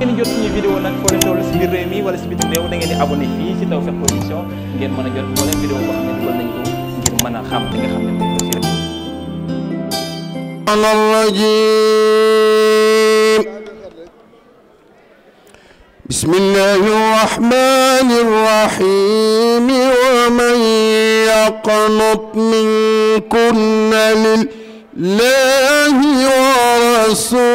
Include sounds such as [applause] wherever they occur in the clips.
ngeen jot suñu vidéo nag foo leen toll si biir réew mi wala si biir réew da ngeen di abonné fii si Tawfekh Production ngeen mën a jot moo leen vidéo boo xam ne dugal nañ ko ngir mën a xam li nga xam ne moom la rek. Ana rajim bismillahi rahmani rahim wa man yaqnut minkunna lillahi wa rasul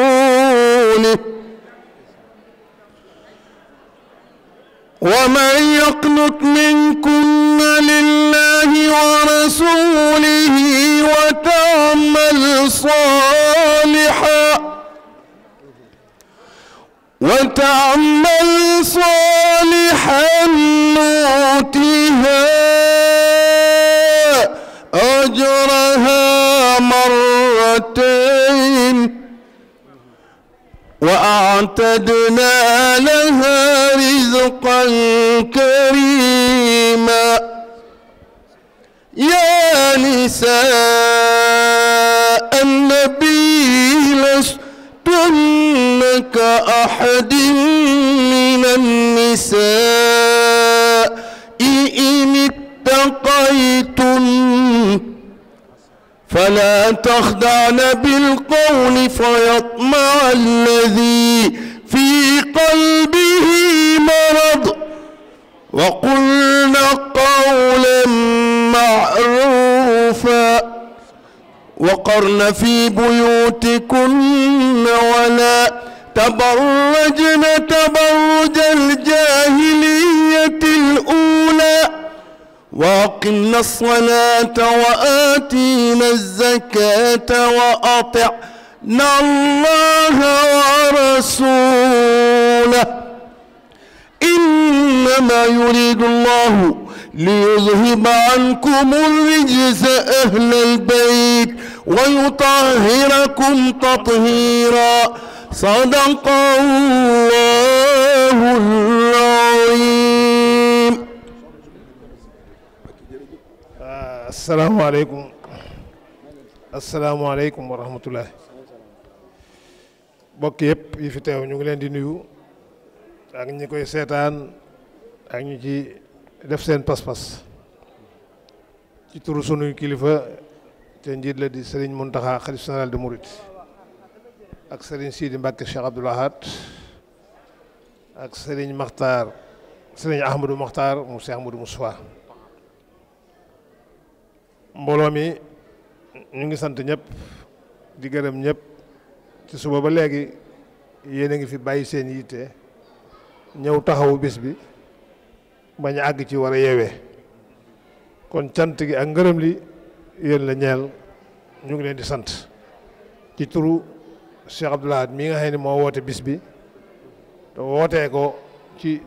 ومن يقنت منكن لله ورسوله وتعمل صالحا وتعمل صالحا نؤتها أجرها مرتين وأعتدنا لها رزقا كريما يا نساء ولا تخضعن بالقول فيطمع الذي في قلبه مرض وقلن قولا معروفا وقرن في بيوتكن ولا تبرجن تبرجن وأقمنا الصلاة وآتينا الزكاة وأطعنا الله ورسوله إنما يريد الله ليذهب عنكم الرجس أهل البيت ويطهركم تطهيرا صدق الله asalaamaaleykum asalaamaaleykum wa rahmatulah bokk yëpp yi fi teew ñu ngi leen di nuyu ak ñi koy seetaan ak ñu ci def seen pas-pas ci turu sunuy kilifa te njiit la di Serigne Mountakha xalif général de Mouride ak Serigne Sidi Mbacke Cheikh Abdoul Ahad ak Serigne Makhtar Serigne Ahmadou Makhtar mu Cheikh Ahmadou Moustapha mbooloo mi ñu ngi sant ñëpp di gërëm ñëpp ci suba ba léegi yéen a ngi fi bàyyi seen yitte ñëw taxawu bis bi bañ a àgg ci war a yeewee kon cant gi ak ngërëm li yéen la ñeel ñu ngi leen di sant ci turu Cheikh Abdoul Ahad mi nga xam moo woote bis bi te wootee ko ci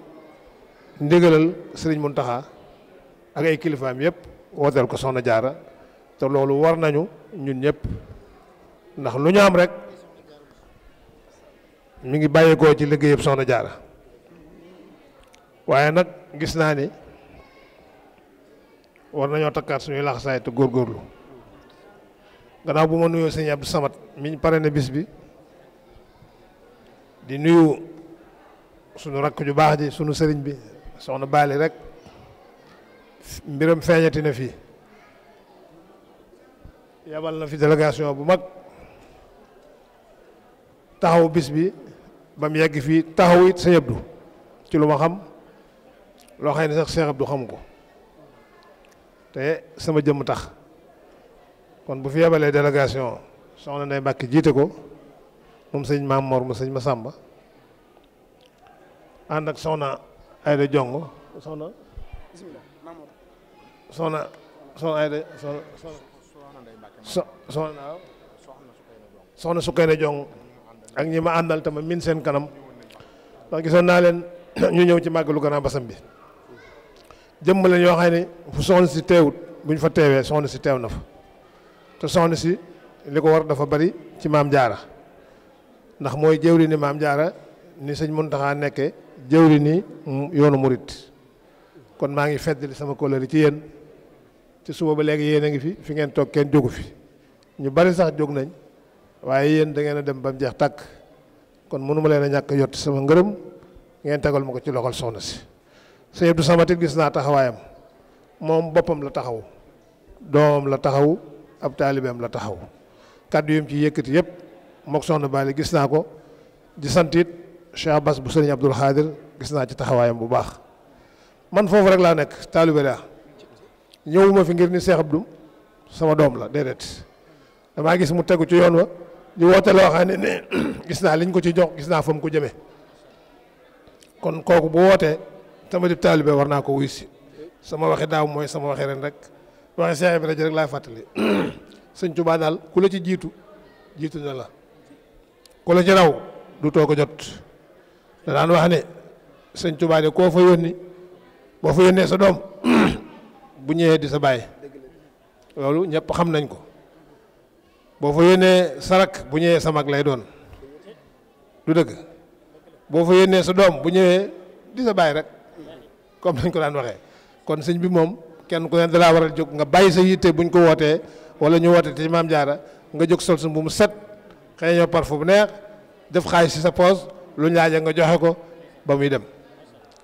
ndigalal Serigne Mountakha ak ay kilifaam yëpp. wooteel ko soxna jaara te loolu war nañu ñun ñëpp ndax lu ñu am rek mi ngi bàyyeekoo ci liggéeyub soxna jaara waaye nag gis naa ni war nañoo takkaat suñuy laxasaay te góorgóorlu gannaaw bu ma nuyoo sëñ Abdou Samad mi ñu pare na bis bi di nuyu suñu rakk ju baax ji suñu sëriñ bi soxna Baali rek mbiram feeñati na fii yabal na fi délégation bu mag taxaw bis bi ba mu yegg fii taxaw it sëñ Abdou ci lu ma xam loo xam ne sax sëñ Abdou xam ko te sama jëmm tax kon bu fi yebalee délégation soxna Ndeye Mbacke jiite ko moom sëñ Maam Mor mu sëñ Massamba ànd ak soxna Ayda Jongo soxna bismillah Mamour soxna soxna Ayda soxna soxna soxna soxna Sukayna Jong ak ñi ma àndal tamit min seen kanam ndax gisoon naa leen [clears throat] ñu ñëw ci màggalu Grand Bassam bi jëmm yoo xam ne fu soxna si teewut bu ñu fa teewee soxna si teew na fa te soxna si li ko war dafa bari ci maam jaara ndax mooy jëwri ni maam jaara ni sëñ Muntaxa nekke jëwri ni yoonu murit kon maa ngi feddali sama kóllëre ci yéen ci suba ba léegi yéen a ngi fi fi ngeen toog kenn jógu fi ñu bari sax jóg nañ waaye yéen da ngeen a dem ba mu jeex tàkk kon mënuma leen a ñàkk yot sama ngërëm ngeen tegal ma ko ci loxol soxna si sëñ Abdou Samad it gis naa taxawaayam moom boppam la taxaw doomam la taxaw ab taalibeem la taxaw kàddu yum ci yëkkati yëpp mook soxna gis naa ko di sant it Cheikh Abbas bu sëriñ Abdoul Xaadir gis naa ci taxawaayam bu baax man foofu rek laa nekk taalibe laa ñëwuma fi ngir ni Seex Abdu sama doom la déedéet damaa gis mu tegu ci yoon wa di woote loo xam ne ne [clears throat] gis naa liñ ko ci jox gis naa fa mu ko jëmee kon kooku bu wootee sama dib taalibe war naa ko wuyu si sama waxe daaw mooy sama waxe ren rek waxe Seex Ibra ji rek laay fàttali [clears throat] sëñ Tuubaa daal ku la ci jiitu jiitu na la ku la ci raw du too ko jot da daan wax ne sëñ Tuubaa de koo fa yónni boo fa yónnee sa doom [clears throat] bu ñëwee di sa baay loolu ñëpp xam nañ ko boo fa yónnee sarak bu ñëwee sa mag lay doon du dëgg boo fa yónnee sa doom bu ñëwee di sa bàyyi rek comme nañ ko daan waxee kon sëñ bi moom kenn ku ne dalaa waral jóg nga bàyyi sa yitte buñ ko wootee wala ñu woote ci maam jaara nga jóg sol su bu mu set xëy par parfum bu neex def xaalis ci sa poos lu ñu nga joxe ko ba muy dem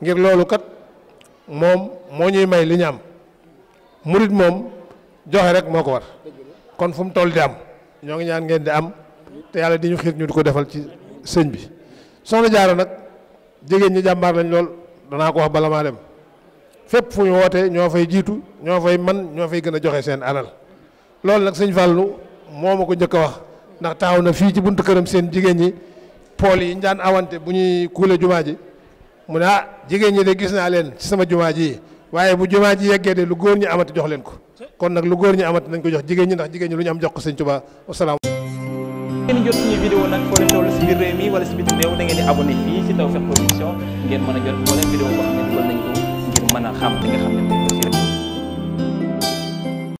ngir loolu kat moom moo ñuy may li ñu am murit moom joxe rek moo ko war kon fu mu toll di am ñoo ngi ñaan ngeen di am te yàlla di ñu xiir ñu di ko defal ci sëñ bi soxna jaara nag jigéen ñi jàmbaar lañ lool danaa ko wax bala maa dem fépp fu ñu woote ñoo fay jiitu ñoo fay man ñoo fay gën a joxe seen alal loolu nag sëñ Fallou moo ma ko njëkk a wax ndax taxaw na fii ci buntu këram seen jigéen ñi pool yi ñu daan awante bu ñuy kuule jumaa ji mu ne ah, jigéen ñi de gis naa leen ci sama jumaa ji waaye bu jumaa ji yeggee de lu góor ñi amati jox leen ko kon nag lu góor ñi amat nañ ko jox jigéen ñi ndax jigéen ñi lu ñu am jox ko sëñ Tuubaa wasalaam ngeen si biir réew mi wala da ngeen ngeen mën a jot moo